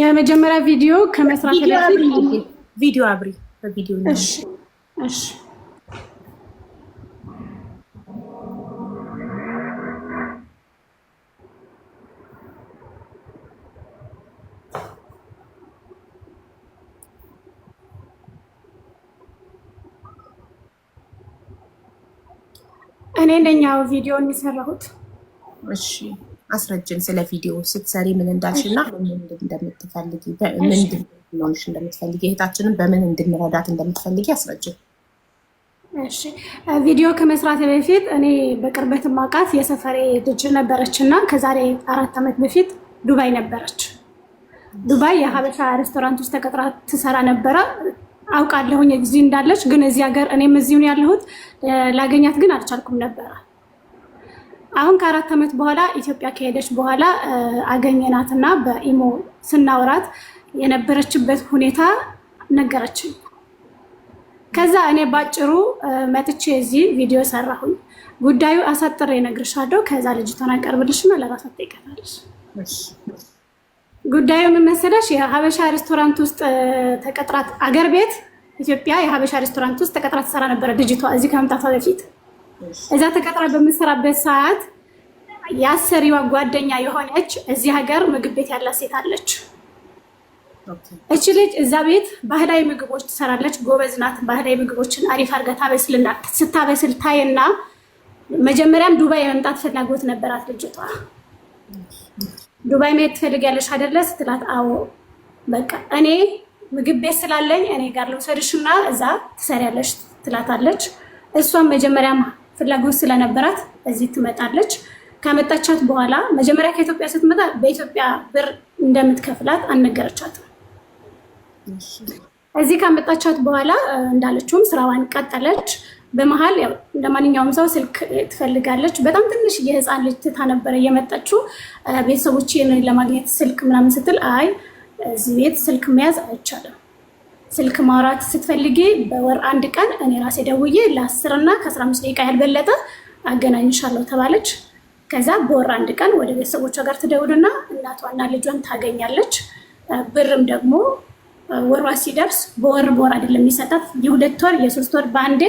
የመጀመሪያ ቪዲዮ ከመስራት ቪዲዮ አብሪ በቪዲዮ እኔ እንደኛው ቪዲዮ የሚሰራሁት እሺ አስረጅን ስለ ቪዲዮ ስትሰሪ ምን እንዳልሽ እና ምን እንደምትፈልጊ ምንድን ሆንሽ እንደምትፈልጊ እህታችንን በምን እንድንረዳት እንደምትፈልጊ አስረጅን። እሺ ቪዲዮ ከመስራት በፊት እኔ በቅርበት ማውቃት የሰፈሬ ልጅ ነበረች እና ከዛሬ አራት ዓመት በፊት ዱባይ ነበረች። ዱባይ የሀበሻ ሬስቶራንት ውስጥ ተቀጥራ ትሰራ ነበረ። አውቃለሁኝ ጊዜ እንዳለች ግን እዚህ ሀገር እኔም እዚሁን ያለሁት። ላገኛት ግን አልቻልኩም ነበረ አሁን ከአራት ዓመት በኋላ ኢትዮጵያ ከሄደች በኋላ አገኘናትና በኢሞ ስናወራት የነበረችበት ሁኔታ ነገረችን። ከዛ እኔ ባጭሩ መጥቼ እዚህ ቪዲዮ ሰራሁኝ። ጉዳዩ አሳጥሬ እነግርሻለሁ። ከዛ ልጅቷን አቀርብልሽና ለራሷ ትጠይቀታለሽ። ጉዳዩ ምን መሰለሽ? የሀበሻ ሬስቶራንት ውስጥ ተቀጥራት አገር ቤት ኢትዮጵያ የሀበሻ ሬስቶራንት ውስጥ ተቀጥራት ትሰራ ነበረ ልጅቷ እዚህ ከመምጣቷ በፊት እዛ ተቀጥራ በምንሰራበት ሰዓት የአሰሪዋ ጓደኛ የሆነች እዚህ ሀገር ምግብ ቤት ያላት ሴት አለች። እች ልጅ እዛ ቤት ባህላዊ ምግቦች ትሰራለች። ጎበዝ ናት። ባህላዊ ምግቦችን አሪፍ አድርጋ ታበስልና ስታበስል ታይና መጀመሪያም ዱባይ የመምጣት ፍላጎት ነበራት ልጅቷ። ዱባይ መሄድ ትፈልጊያለሽ አይደለ ስትላት፣ አዎ በቃ እኔ ምግብ ቤት ስላለኝ እኔ ጋር ልውሰድሽ እዛ ትሰሪያለሽ ትላታለች። እሷም መጀመሪያም ፍላጎት ስለነበራት እዚህ ትመጣለች። ከመጣቻት በኋላ መጀመሪያ ከኢትዮጵያ ስትመጣ በኢትዮጵያ ብር እንደምትከፍላት አልነገረቻትም። እዚህ ከመጣቻት በኋላ እንዳለችውም ስራዋን ቀጠለች። በመሀል እንደ ማንኛውም ሰው ስልክ ትፈልጋለች። በጣም ትንሽ የህፃን ልጅ ትታ ነበረ የመጣችው። ቤተሰቦችን ለማግኘት ስልክ ምናምን ስትል አይ እዚህ ቤት ስልክ መያዝ አይቻልም ስልክ ማውራት ስትፈልጊ በወር አንድ ቀን እኔ ራሴ ደውዬ ለአስር እና ከአስራ አምስት ደቂቃ ያልበለጠ አገናኝሻለሁ ተባለች። ከዛ በወር አንድ ቀን ወደ ቤተሰቦቿ ጋር ትደውልና እናቷና ልጇን ታገኛለች። ብርም ደግሞ ወሯ ሲደርስ በወር በወር አይደለም የሚሰጣት፣ የሁለት ወር የሶስት ወር በአንዴ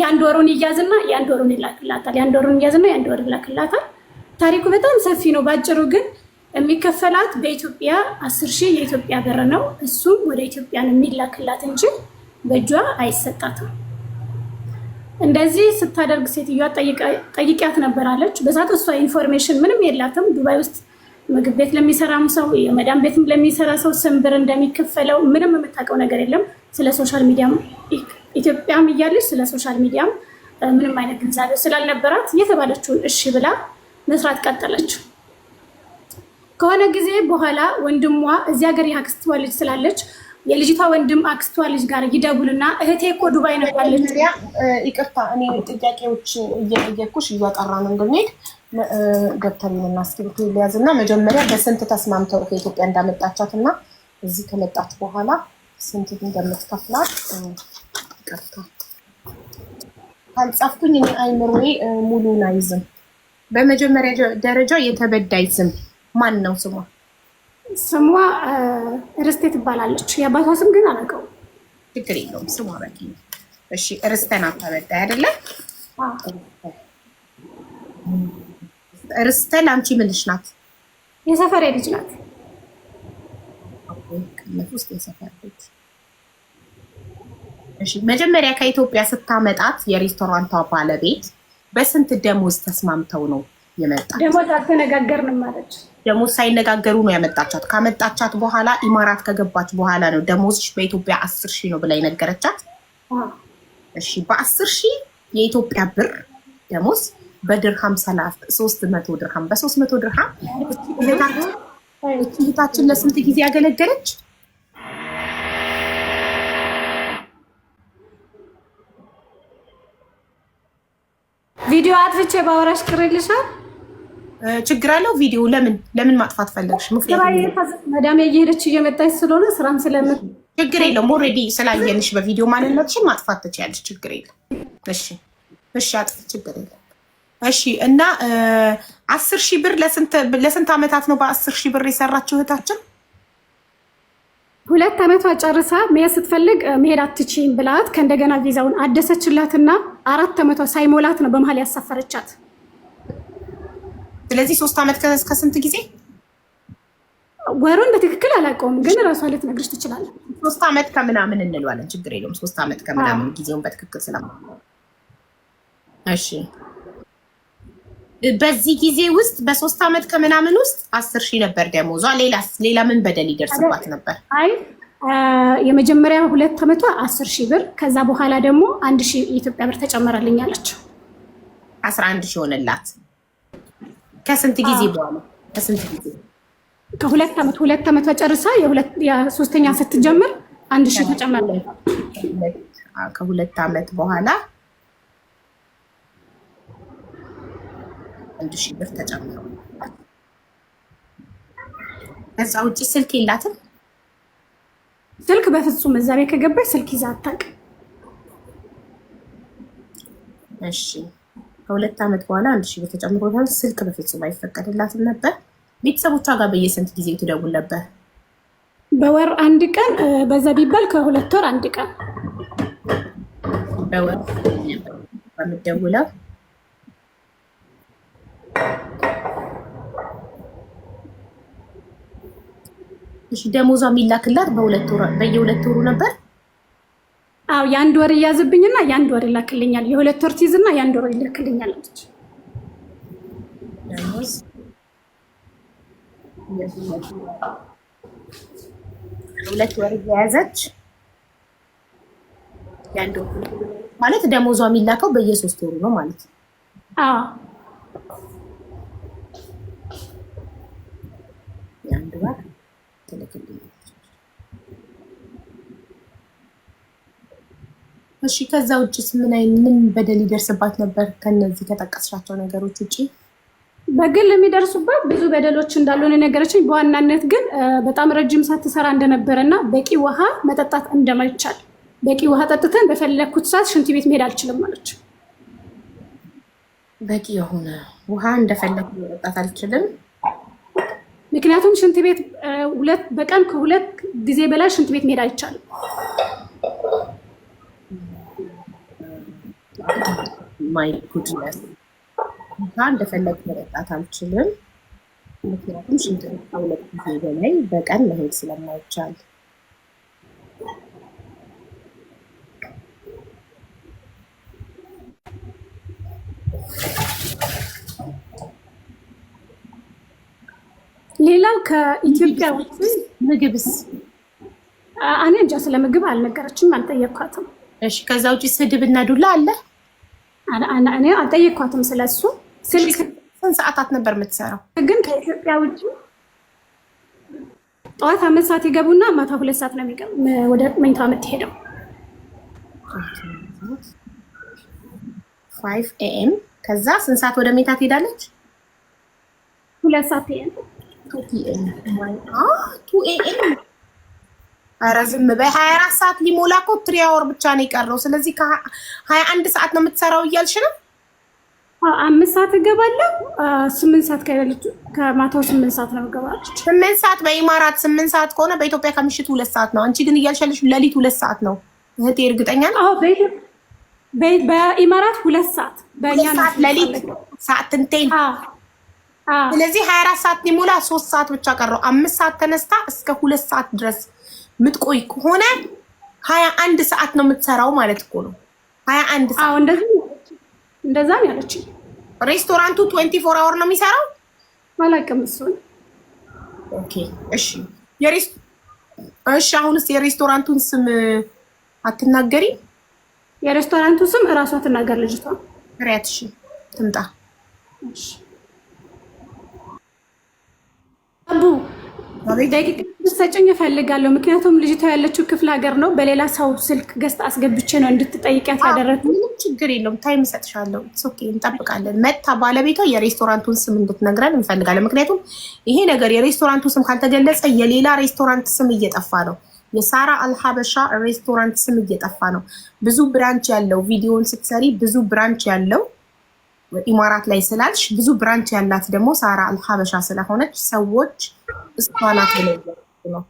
የአንድ ወሩን ይያዝና የአንድ ወሩን ይላክላታል። የአንድ ወሩን ይያዝና የአንድ ወር ይላክላታል። ታሪኩ በጣም ሰፊ ነው። በአጭሩ ግን የሚከፈላት በኢትዮጵያ አስር ሺህ የኢትዮጵያ ብር ነው። እሱም ወደ ኢትዮጵያ ነው የሚላክላት እንጂ በእጇ አይሰጣትም። እንደዚህ ስታደርግ ሴትዮዋ ጠይቂያት ነበራለች። በዛት እሷ ኢንፎርሜሽን ምንም የላትም። ዱባይ ውስጥ ምግብ ቤት ለሚሰራም ሰው የመዳን ቤትም ለሚሰራ ሰው ስንብር እንደሚከፈለው ምንም የምታውቀው ነገር የለም። ስለ ሶሻል ሚዲያም ኢትዮጵያም እያለች ስለ ሶሻል ሚዲያም ምንም አይነት ግንዛቤ ስላልነበራት የተባለችውን እሺ ብላ መስራት ቀጠለችው። ከሆነ ጊዜ በኋላ ወንድሟ እዚህ ሀገር የአክስቷ ልጅ ስላለች የልጅቷ ወንድም አክስቷ ልጅ ጋር ይደውልና እህቴ እኮ ዱባይ ነው ይቅርታ እኔ ጥያቄዎች እየጠየኩሽ እያጠራን እንድንሄድ ደብተሪንና እስክሪብቶ ሊያዝ እና መጀመሪያ በስንት ተስማምተው ከኢትዮጵያ እንዳመጣቻት እና እዚህ ከመጣች በኋላ ስንት እንደምትከፍላት ይቅርታ ካልጻፍኩኝ እኔ አይምሮዬ ሙሉን አይዝም። በመጀመሪያ ደረጃ የተበዳይ ስም ማን ነው ስሟ? ስሟ እርስቴ ትባላለች። የአባቷ ስም ግን አላውቀውም። ችግር የለውም። ስሟ በቂ እሺ እርስተን አታበዳ አይደለ? እርስተ ለአንቺ ምንሽ ናት? የሰፈር ልጅ ናት። ቅነት ውስጥ የሰፈር ልጅ እሺ። መጀመሪያ ከኢትዮጵያ ስታመጣት የሬስቶራንቷ ባለቤት በስንት ደሞዝ ተስማምተው ነው የመጣ? ደሞዝ አልተነጋገርንም አለች። ደሞዝ ሳይነጋገሩ ነው ያመጣቻት። ካመጣቻት በኋላ ኢማራት ከገባች በኋላ ነው ደሞዝሽ በኢትዮጵያ አስር ሺህ ነው ብላ የነገረቻት። እሺ በአስር ሺህ የኢትዮጵያ ብር ደሞዝ በድርሃም ሶስት መቶ ድርሃም በሶስት መቶ ድርሃም እህታችን ለስንት ጊዜ ያገለገለች? ቪዲዮ አጥፍቼ ባወራሽ ቅር ይልሻል። ችግር አለው። ቪዲዮ ለምን ለምን ማጥፋት ፈለግሽ? መዳሜ እየሄደች እየመጣች ስለሆነ ስራም ስለም ችግር የለውም። ኦልሬዲ ስላየንሽ በቪዲዮ ማንነትሽን ማጥፋት ትችያለሽ። ችግር የለም። እሺ፣ እሺ፣ አጥፍ። ችግር የለም። እሺ። እና አስር ሺህ ብር ለስንት ዓመታት ነው? በአስር ሺህ ብር የሰራችው እህታችን ሁለት ዓመቷ ጨርሳ መሄድ ስትፈልግ መሄድ አትችም ብላት ከእንደገና ቪዛውን አደሰችላትና አራት ዓመቷ ሳይሞላት ነው በመሀል ያሳፈረቻት። ስለዚህ ሶስት ዓመት ስንት ጊዜ ወሩን በትክክል አላውቀውም፣ ግን ራሷ ልትነግርሽ ትችላለህ። ሶስት ዓመት ከምናምን እንለዋለን፣ ችግር የለውም። ሶስት ዓመት ከምናምን ጊዜውን በትክክል ስለ እሺ። በዚህ ጊዜ ውስጥ በሶስት ዓመት ከምናምን ውስጥ አስር ሺህ ነበር ደሞዟ። ሌላ ምን በደል ይደርስባት ነበር? አይ የመጀመሪያ ሁለት ዓመቷ አስር ሺህ ብር፣ ከዛ በኋላ ደግሞ አንድ ሺህ የኢትዮጵያ ብር ተጨመረልኝ አለችው። አስራ አንድ ሺህ ሆነላት። ከስንት ጊዜ በኋላ ከስንት ጊዜ ከሁለት ዓመት ሁለት ዓመት ተጨርሳ የሶስተኛ ስትጀምር አንድ ሺህ ተጨመረ። ከሁለት ዓመት በኋላ አንድ ሺህ ብር ተጨመረ። ከዛ ውጭ ስልክ የላትም። ስልክ በፍጹም እዛ ቤት ከገባች ስልክ ይዛ አታውቅም። እሺ ከሁለት ዓመት በኋላ አንድ ሺህ ብር ተጨምሮ ቢሆን ስልክ በፍጹም አይፈቀድላትም ነበር። ቤተሰቦቿ ጋር በየስንት ጊዜ ትደውል ነበር? በወር አንድ ቀን፣ በዛ ቢባል ከሁለት ወር አንድ ቀን በወር የምትደውለው። እሺ ደሞዟ የሚላክላት በሁለት ወር በየሁለት ወሩ ነበር። አዎ የአንድ ወር እያዝብኝና የአንድ ወር ይላክልኛል። የሁለት ወር ሲይዝና የአንድ ወር ይላክልኛል አለች። ሁለት ወር እየያዘች የአንድ ወር ማለት ደሞዟ የሚላከው በየሶስት ወሩ ነው ማለት ነው። አዎ የአንድ ወር ትልክልኛል እሺ ከዛ ውጭስ ምን ምን በደል ይደርስባት ነበር? ከነዚህ ከጠቀስሻቸው ነገሮች ውጭ በግል የሚደርሱባት ብዙ በደሎች ነው ነገረችኝ። በዋናነት ግን በጣም ረጅም ሰዓት ትሰራ እንደነበረ እና በቂ ውሃ መጠጣት እንደማይቻል በቂ ውሃ ጠጥተን በፈለግኩት ሰዓት ሽንት ቤት መሄድ አልችልም አለች። በቂ የሆነ ውሃ እንደፈለግኩ መጠጣት አልችልም። ምክንያቱም ሽንት ቤት በቀን ከሁለት ጊዜ በላይ ሽንት ቤት መሄድ አይቻልም። ማይ ጉድነት ውሃ እንደፈለግ መጠጣት አልችልም። ምክንያቱም ሽንት ከሁለት ጊዜ በላይ በቀን መሄድ ስለማይቻል ሌላው ከኢትዮጵያ ውጭ ምግብስ እኔ እንጃ። ስለ ምግብ አልነገረችም፣ አልጠየኳትም። እሺ፣ ከዛ ውጭ ስድብ እና ዱላ አለ? እኔ አልጠየኳትም ስለሱ። ስልክ ስንት ሰዓታት ነበር የምትሰራው? ግን ከኢትዮጵያ ውጭ ጠዋት አምስት ሰዓት ይገቡና ማታ ሁለት ሰዓት ነው ወደ መኝታ የምትሄደው። ፋይቭ ኤኤም ከዛ ስንት ሰዓት ወደ መኝታ ትሄዳለች? ሁለት ሰዓት ኤኤም ቱ ኤኤም ኧረ ዝም በይ። ሀያ አራት ሰዓት ሊሞላ እኮ ትሪ አወር ብቻ ነው የቀረው። ስለዚህ ከሀያ አንድ ሰዓት ነው የምትሰራው እያልሽ ነው። አምስት ሰዓት እገባለሁ። ስምንት ሰዓት ከሌለች ከማታው ስምንት ሰዓት ነው እገባለሁ። ስምንት ሰዓት በኢማራት ስምንት ሰዓት ከሆነ በኢትዮጵያ ከምሽት ሁለት ሰዓት ነው። አንቺ ግን እያልሻለሽ ሌሊት ሁለት ሰዓት ነው እህቴ። እርግጠኛ ነው በኢማራት ሁለት ሰዓት በእኛ ሌሊት ሰዓት እንቴን። ስለዚህ ሀያ አራት ሰዓት ሊሞላ ሶስት ሰዓት ብቻ ቀረው። አምስት ሰዓት ተነስታ እስከ ሁለት ሰዓት ድረስ ምትቆይ ከሆነ ሀያ አንድ ሰዓት ነው የምትሰራው ማለት እኮ ነው። ሀያ አንድ ሰዓት እንደዛ ነው ያለችኝ። ሬስቶራንቱ ትዌንቲ ፎር አወር ነው የሚሰራው አላውቅም እሱን። ኦኬ እሺ። እሺ አሁንስ የሬስቶራንቱን ስም አትናገሪ። የሬስቶራንቱ ስም እራሷ ትናገር ልጅቷ። ሪያት እሺ ትምጣ አቡ እንድትሰጭኝ እፈልጋለሁ። ምክንያቱም ልጅቷ ያለችው ክፍለ ሀገር ነው። በሌላ ሰው ስልክ ገዝታ አስገብቼ ነው እንድትጠይቂያት ያደረግ። ምንም ችግር የለውም። ታይም እሰጥሻለሁ። ኦኬ፣ እንጠብቃለን። መታ ባለቤቷ የሬስቶራንቱን ስም እንድትነግረን እንፈልጋለን። ምክንያቱም ይሄ ነገር የሬስቶራንቱ ስም ካልተገለጸ የሌላ ሬስቶራንት ስም እየጠፋ ነው። የሳራ አልሀበሻ ሬስቶራንት ስም እየጠፋ ነው። ብዙ ብራንች ያለው ቪዲዮን ስትሰሪ ብዙ ብራንች ያለው ኢማራት ላይ ስላልሽ ብዙ ብራንች ያላት ደግሞ ሳራ አልሀበሻ ስለሆነች ሰዎች እሷ ናት ብለው ነው።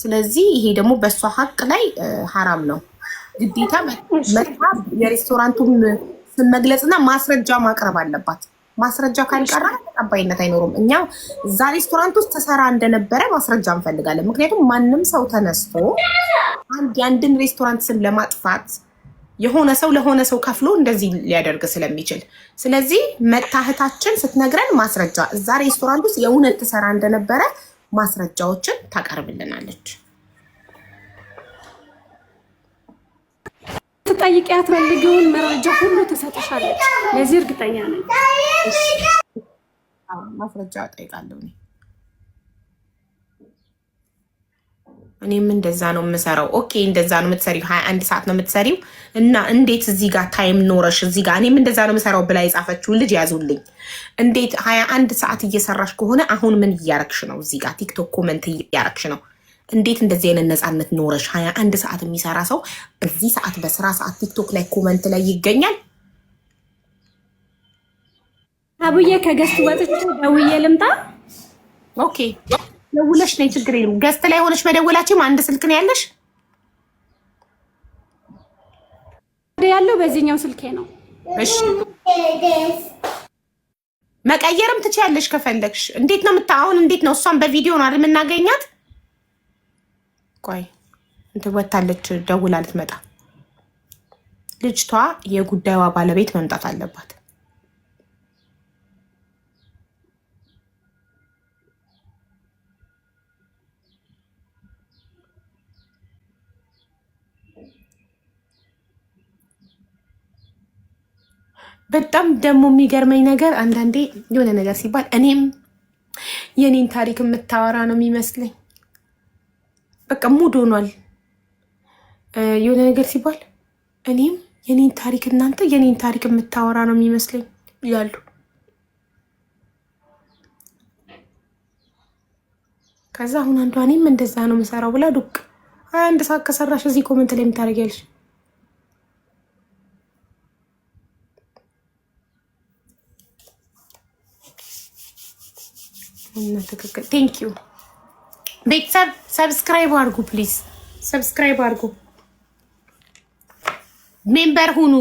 ስለዚህ ይሄ ደግሞ በእሷ ሀቅ ላይ ሀራም ነው። ግዴታ የሬስቶራንቱን ስም መግለጽና ማስረጃ ማቅረብ አለባት። ማስረጃ ካልቀራ ተቀባይነት አይኖሩም። እኛ እዛ ሬስቶራንት ውስጥ ተሰራ እንደነበረ ማስረጃ እንፈልጋለን። ምክንያቱም ማንም ሰው ተነስቶ አንድ የአንድን ሬስቶራንት ስም ለማጥፋት የሆነ ሰው ለሆነ ሰው ከፍሎ እንደዚህ ሊያደርግ ስለሚችል፣ ስለዚህ መታህታችን ስትነግረን ማስረጃ እዛ ሬስቶራንት ውስጥ የእውነት ተሰራ እንደነበረ ማስረጃዎችን ታቀርብልናለች። ትጠይቅ ያትፈልገውን መረጃ ሁሉ ትሰጥሻለች። ለዚህ እርግጠኛ ነኝ። ማስረጃ እጠይቃለሁ። እኔም እንደዛ ነው የምሰራው። ኦኬ እንደዛ ነው የምትሰሪው፣ ሀያ አንድ ሰዓት ነው የምትሰሪው እና እንዴት እዚህ ጋር ታይም ኖረሽ እዚህ ጋር እኔም እንደዛ ነው የምሰራው ብላ የጻፈችውን ልጅ ያዙልኝ። እንዴት ሀያ አንድ ሰዓት እየሰራሽ ከሆነ አሁን ምን እያረግሽ ነው? እዚህ ጋር ቲክቶክ ኮመንት እያረግሽ ነው። እንዴት እንደዚህ አይነት ነፃነት ኖረሽ? ሀያ አንድ ሰዓት የሚሰራ ሰው በዚህ ሰዓት በስራ ሰዓት ቲክቶክ ላይ ኮመንት ላይ ይገኛል። አቡዬ ከገስት ወጥቼ ደውዬ ልምጣ። ኦኬ ደውለሽ ነይ፣ ችግር የለም። ገዝት ላይ ሆነሽ መደወላችሁም አንድ ስልክ ነው ያለሽ ያለው በዚህኛው ስልኬ ነው። እሺ መቀየርም ትችያለሽ ከፈለግሽ። እንዴት ነው የምታ አሁን እንዴት ነው? እሷን በቪዲዮ ነው የምናገኛት? ቆይ እንትን ወታለች ደውላ ልትመጣ ልጅቷ። የጉዳዩዋ ባለቤት መምጣት አለባት። በጣም ደግሞ የሚገርመኝ ነገር አንዳንዴ የሆነ ነገር ሲባል እኔም የኔን ታሪክ የምታወራ ነው የሚመስለኝ። በቃ ሙድ ሆኗል። የሆነ ነገር ሲባል እኔም የኔን ታሪክ እናንተ የኔን ታሪክ የምታወራ ነው የሚመስለኝ ያሉ ከዛ አሁን አንዷ እኔም እንደዛ ነው የምሰራው ብላ ዱቅ አንድ ሰዓት ከሰራሽ እዚህ ኮመንት ላይ የምታደርጊያለሽ ነው ትክክል። ቴንክ ዩ ቤተሰብ ሰብስክራይብ አድርጉ ፕሊዝ፣ ሰብስክራይብ አድርጉ፣ ሜምበር ሁኑ።